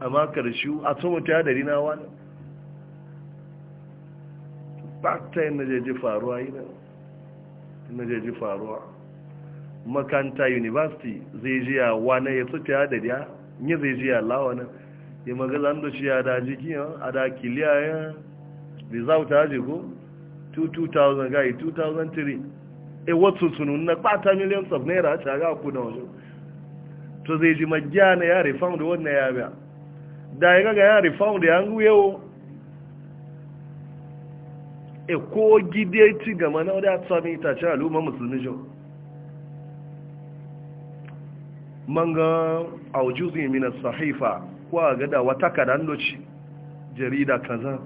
amma karshe a tsohon ta dari na wani ba ta yin najeji faruwa yi na najeji faruwa makanta university zai ji a wani ya tsohon ta dari ya yi zai ji a lawanin ya magazan da shi a da jikin a da kiliya ya result ta ko 2000 yi 2003 e wasu sunun na kwata millions of naira a shaga ku wajen to zai ji magiya na yare refund wannan ya biya da ya gaga ya refound da hangu yau e ko gidi ci gama na wadda ta sami itace al'umma musulmi jo manga aujuzi min sahifa ko a gada wata kadan loci jarida kaza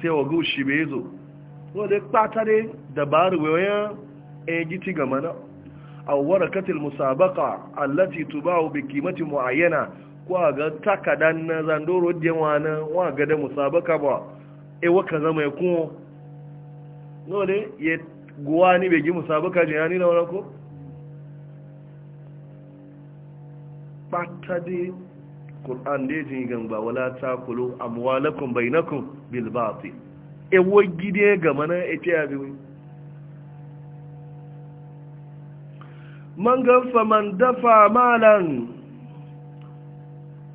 sai wa gushi bai zo wadda kpata ne dabaru wayan e giti gama na a warakatul musabaka allati tubahu bi kimati muayyana wa ga takadan na zandoro diyan wana wa da musabaka ba e waka zama ya kuma nole ya guwa ni bai gi musabaka jin yani na wani ko bata dai ƙul'an dai jin jini gamba wala ta kulu amwalakun bainakun bilbati e wagi dai ga mana e ce ya biyu man gafa man dafa malan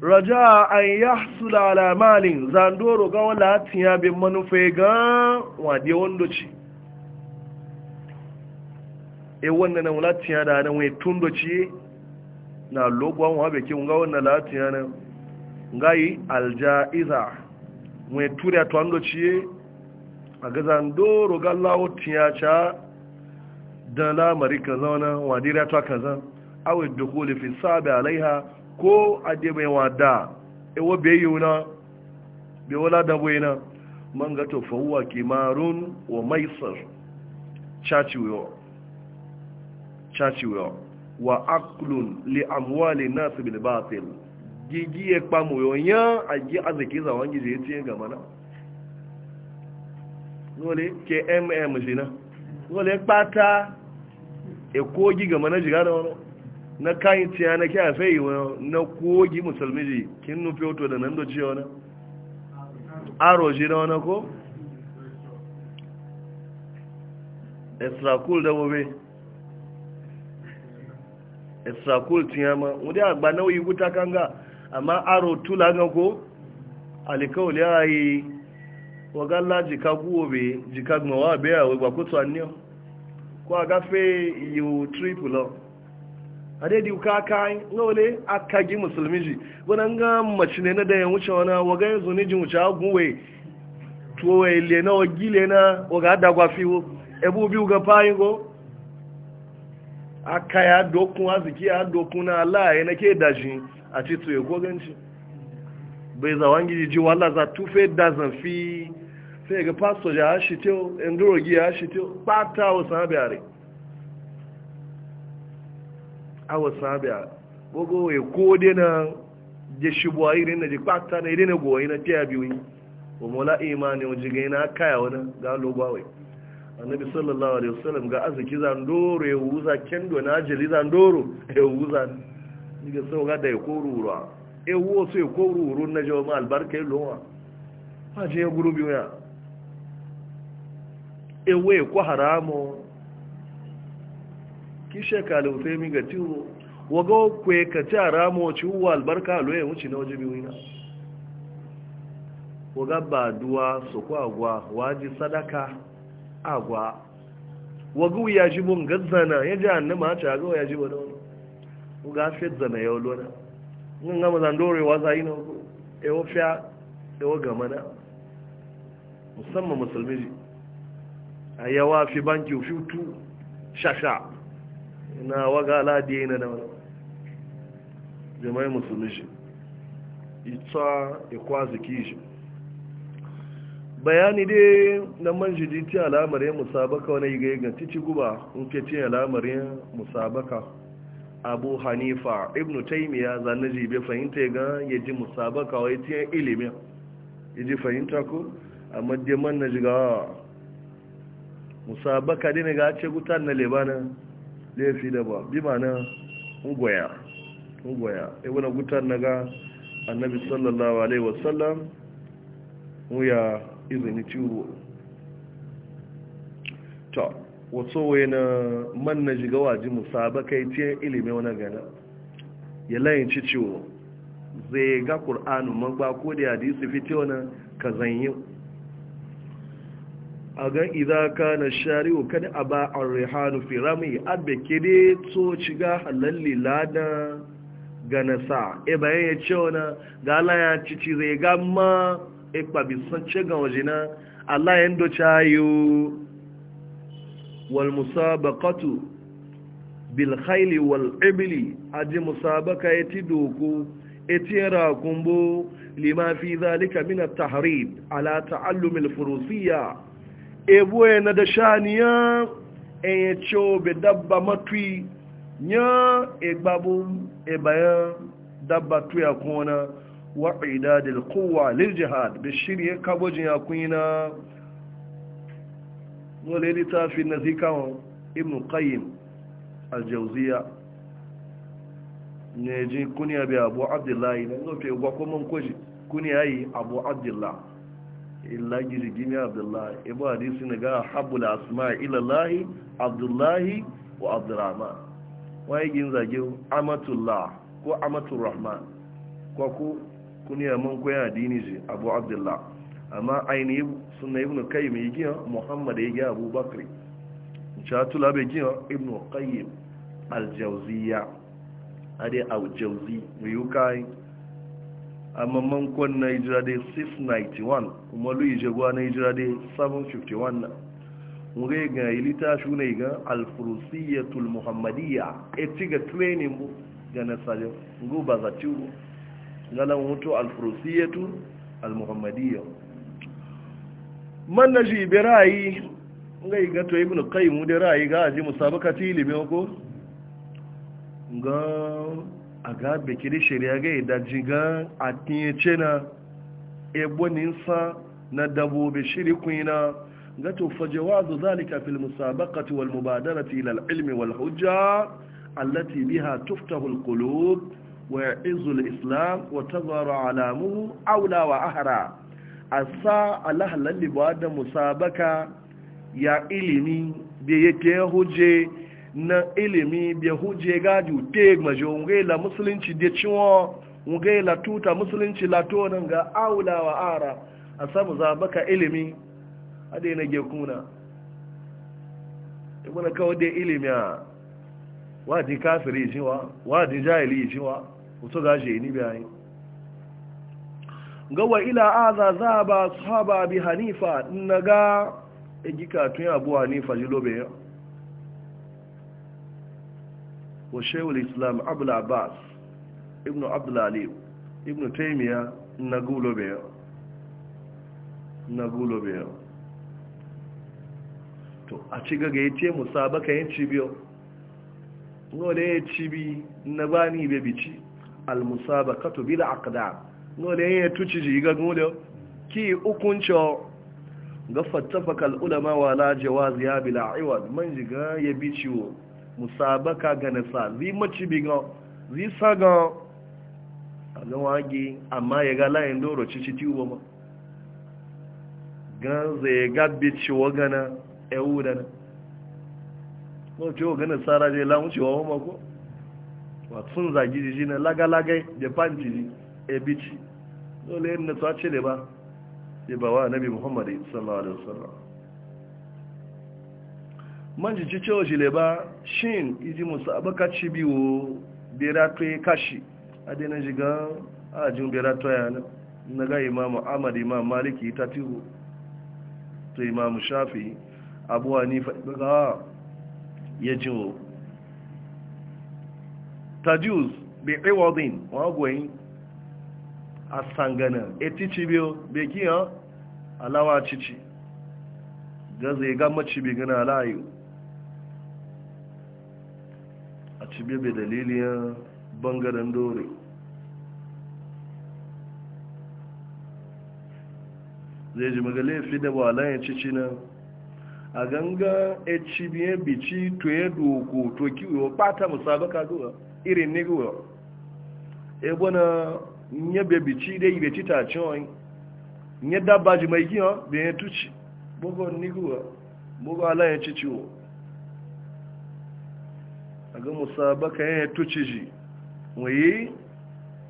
raja an yahsula ala malin zandoro ga wala tiya bin manufa ga wade wando ci e wala tiya da nan wai tundo na logwan wa be kin ga na la tiya na ngayi aljaiza wai tura to ando ci a ga zandoro ga lawo tiya cha da la marika zauna wadira to kaza aw dukuli fi sabi alaiha ko ade mai wada ewo be yuna be wala da wena man kimarun wa maisar chachiwo wa aklun li amwali nas bil batil gigi e pamu yonya aji azaki za wangi je tiye ga mana nole ke jina nole pata e ko mana jiga da na kayan tiya na kya na kogi musulmi ji kin nufi oto da nan wani aro na wani ko? extracol da wadda amma aro tula ko ya yi wagalla jika jika gmawa biya ko a gafe yiwu triple ade di ka kai ngole akka gi musulmi ji wannan ga mace ne na da yan wuce wana waga yanzu ne jin wuce agunwe to we le na ogile na waga da gwa fiwo ebu bi uga payin go akka ya dokun aziki ya dokun na Allah ya nake da shi a ci to ya goganci bai za wangi ji wala za tufe da fi sai ga pastor ya shi to enduro gi ya shi to pata o sanabiyare awa sabiya bogo ya ko dena je shibuwa irin na je kwata na iri na gowa na tiya biyu wa mola imani wa jiga na kaya wani ga lobawai annabi sallallahu alaihi wasallam ga azaki zandoro ya e wuza kendo na ajali zandoro ya e wuza diga sau ga da e ya korura e wo so ya koruru na jawo ma albarkai lowa ha je ya gurubi ya ewe ko haramu kishe kalautai mi ga tiwo waga kwe ka ci a ramo ciwo albarka loye wuce na waje biyu na waga ba duwa su ku agwa waji sadaka agwa waga ya ji mun gazzana ya ji annama ta agawa ya ji wani wani waga fi zana ya wulona yin gama zandore wasa yi na wago ewa fiya ewa gama na musamman musulmi a yawa fi banki fi tu shasha na waga aladiye na da wani jama'i musulmi shi ita ziki shi bayani dai na manjidi ti alamarin musabaka wani yi gaigan titi guba nke ti alamarin musabaka abu hanifa ibn taimiya zane jibe fahimta ga ya ji musabaka wai ti ilimin ya ji fahimta ku? amma dai man na ah, musabaka dai ga ce gutan na lebanon laifi da ba bi mana ungwaya ungwaya e eh, wani gutar na ga annabi sallallahu alaihi wasallam wuya izini ciwo ta wato wai na man na jiga waji kai tiyan ilimin wani gana ya layin ci ciwo zai ga ƙur'anu ba ko da hadisi fito na ka zanyi a gan izaka na shari'u kan aba an rihanu firami abe kide to ciga halalli lada ga sa e bayan ya ce wana ga ala ya cici zai gama e kpabi ce ga wajina ala ya ndo yi wal musabakatu bil khayli wal ibli aji musabaka ya ti doku etiyara kumbo lima fi zalika mina at-tahrib ala ta'allumil furusiya ebuwe na da shaniya enye cobe dabba matwi nya egbabu ebayan dabba ya kona wa idadil kowa lil jihad da shirye kabojin ya kuna wale littafi na wa ibn qayyim aljauziya ne ji kuniya bi abu abdullahi na ko gwakwamin kwaji kuniya yi abu abdullahi illa girgin ya abdullahi ibu hadisi na ga habbul asma ilallahi abdullahi wa abdurrahman waye gin zage amatullah ko amatul rahman ko ku kuniya man ko ya dini shi abu abdullah amma aini sunna ibnu kayyim yigi muhammad yigi abu bakri chatula be gi ibnu qayyim al-jawziyya ade al-jawzi mu muyukai amma mankon na hijira dai 691 kuma lu ijagwa na hijira dai 751 na ga ilita shi ne ga alfurusiyyatul muhammadiyya e ci ga training bu ga nasarin ngu ba za ci bu galan wuto alfurusiyyatul muhammadiyya man na shi bi ra'ayi ngai ga to ibnu qayyim da ra'ayi ga aji musabakati ilimi ko ga a ga bekiri shirya ga da jigan a tinyace na ebo ninsa na dabobe shiri kuna ga tufa jawazu zalika fil musabaqati wal mubadarati ila al ilmi wal hujja allati biha tuftahul al qulub wa ya'izu islam wa tadharu alamu aula wa ahra asa allah lalli ba da musabaka ya ilimi da yake huje na ilimi bai huje gaji te majo ngai la musulunci da ciwo ngai la tuta musulunci la to nan ga aula wa ara a samu za baka ilimi ade na ge kuna ibn e kawo da ilimi a wadi kafiri jiwa wadi jahili jiwa ga je ni bayan ga wa ila aza za ba sahaba bi hanifa naga egika tun abu hanifa jilobe yau wa shehul islam abul abbas ibn abdul aliyu ibn taimiya na gulo bayan to a ci gaga ya ce musabaka yin cibiyo nole ya cibi na bani bai bici almusabakatu bil aqdam nole ya tuci ji ga gulo ki ukuncho ga fattafaka al ulama wala jawazi ya bila iwad man jiga ya biciwo musabaka ga nasa zai maci biga zi saga a ga wage amma ya ga layin doro cici tuba ma gan zai gabe ciwo gana ewu da na ko ciwo gana sara je lamu ciwo ma ko wa sun zagi jiji na lagalagai japan panci ebici dole yin na tsace da ba ya ba wa nabi muhammadu sallallahu alaihi wasallam manjici cewa jileba shin iji musu abaka ci biyu berato kashi a daina ajin berato ya na ga imamu ahmad imam maliki ta tihu to imamu shafi abuwa ni faɗaɗa ya jiwo tajus bai ɗaiwadin wagoyin a sangana eti cibiyo biyu bai kiyan alawa cici ga zai gama ci gana ci bebe dalilin bangaren dore zai ji magale fi da walayen cici na a ganga eci biye bici to ya doko to kiwo bata musabaka duwa irin ne guwa ebo na nye bici da ibe tita cewa nye dabaji mai giyan biyan tuci bugon ni guwa bugon alayen cici wo a ga musabaka ya tuci ji waye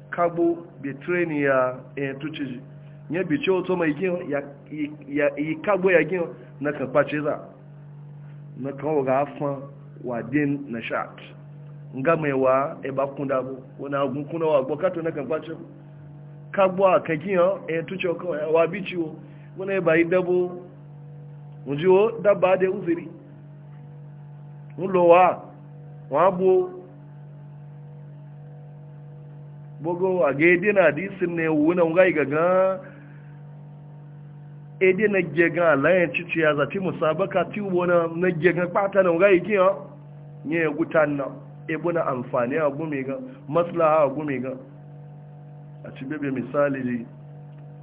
kagbo betreni ya ya tuci ji ya bice oto mai gin ya yi kagbo ya gin na kan face za na kawo ga wa wadin na shat nga mai wa eba kunda bu wani agun kuna wa gbokato na kan face kagbo a kan gin yin e tuci ya wa biciwo wani eba yi dabo Njiwo daba da uziri. wa. wa bo bogo a ga edina hadisin ne wuna ngai gaga edina gega layan cici ya zati musabaka ti wona na gega pata na igi kiyo nye gutan na ebuna amfani a gumi ga maslaha a gumi ga a ci bebe misali ji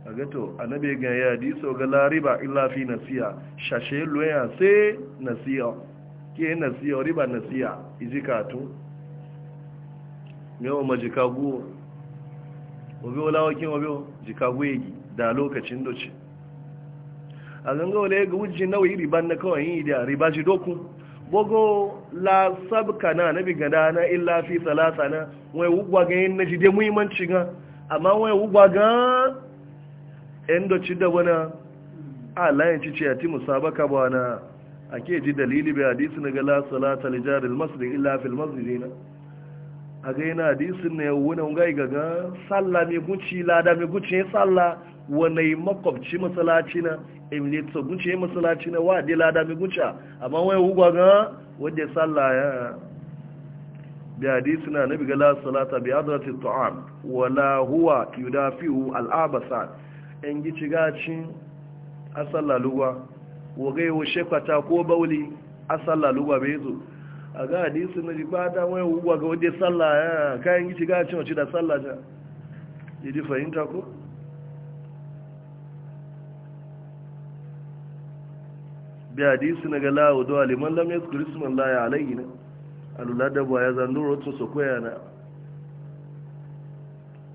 a gato annabi ga ya so ga lariba illa fi nasiya shashe loya sai nasiya ke nasiya riba nasiya ijikatu yawon majikagu obi olawakin obi jikagu yi da lokacin doce a ganga wale ga wujin yi riban na kawai yi da riba ji doku bogo la sabka na nabi na illa fi salasa na wai wugwa ga yin na jide muhimmanci ga amma wai wugwa ga yan doci da wani alayin cici a ti musabaka ba na ake ji dalili bai hadisi na gala salata li jari masjid illa fil masjid na a ga yana hadisin ne wani ga gaga salla mai guci lada mai guci salla wani makwabci masalaci na emilita guci masalaci na wa di lada mai guci amma wani hugwa ga wadda salla ya bi hadisi na nabi gala salata bi hadrati ta'am wala huwa yudafi'u al'abasa en gici gacin asallaluwa wogai wo shekwata ko bauli a sallah lugwa bai zo a ga hadisi na ji ta wani ugwa ga wadda tsalla ya kayan gici ga cin wace da tsalla ta ji fahimta ko bi hadisi na ga lawo da liman lam yazkuru Kirisman Allah ya alayhi na alula da ba ya zanduro to su koya na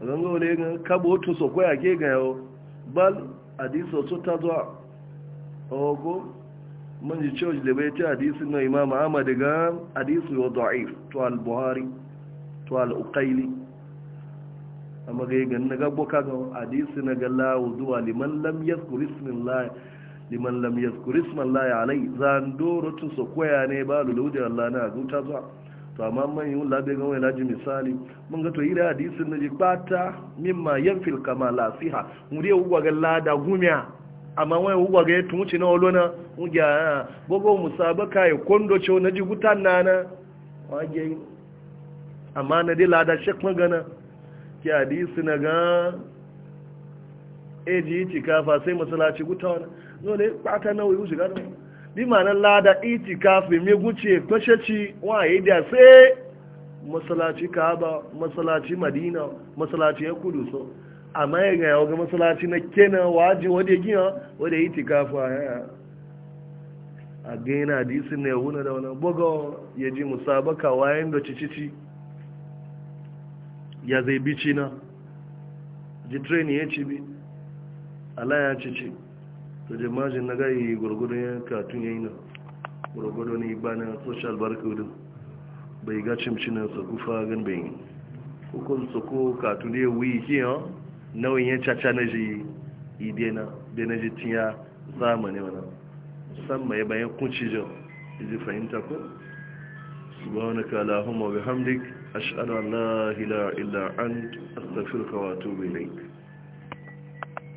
zan ga wani kabo to su koya ke gaya yau bal hadisi to ta zuwa ogo mun ji cewa da bai ta hadisi na imam ahmad ga hadisi wa da'if to al-buhari to al-uqaili amma ga ga na gabo ga hadisi na galla wudu liman lam yazkur ismillah liman lam yazkur ismillah alai zan doro tun so koya ne ba lulu da Allah na zuta zuwa to amma man yi wula bai gawai laji misali mun ga to yi da hadisin na ji bata mimma yanfil kama siha mu dai ugwa ga lada gumiya amma wani ugwa ga yato wuce na olona ugya ya ah, gogo musabaka ya kondo ce na ji gutan na na wage amma na dai lada shek magana ki hadisi na ga eji eh, itikafa sai masalaci gutan dole kwata nawa yi wuce gano bi ma'anar lada itikafi mai guce kwashaci waye da sai masalaci kaba masalaci madina masalaci ya kudu so amma ya ga yawo ga masalaci na kenan waje wadda ya gina wadda ya yi tikafa ya a gaina hadisin na yahuna da wani bugo ya ji musabaka wayan da cicici ya zai bici na ji treni ya ci bi ala cici to majin na gari gurgudu ya katun ya yi na gurgudu ne ba na social barcode bai ga cimcinan su kufa gan bayan hukun su ko katun ya wuyi kiyan nauyin ya caca na ji ide na da na ji tiya zamani wani musamman mai bayan kunci jin ji fahimta ko subhanaka allahumma wa bihamdik ashhadu an la ilaha illa ant astaghfiruka wa atubu ilayk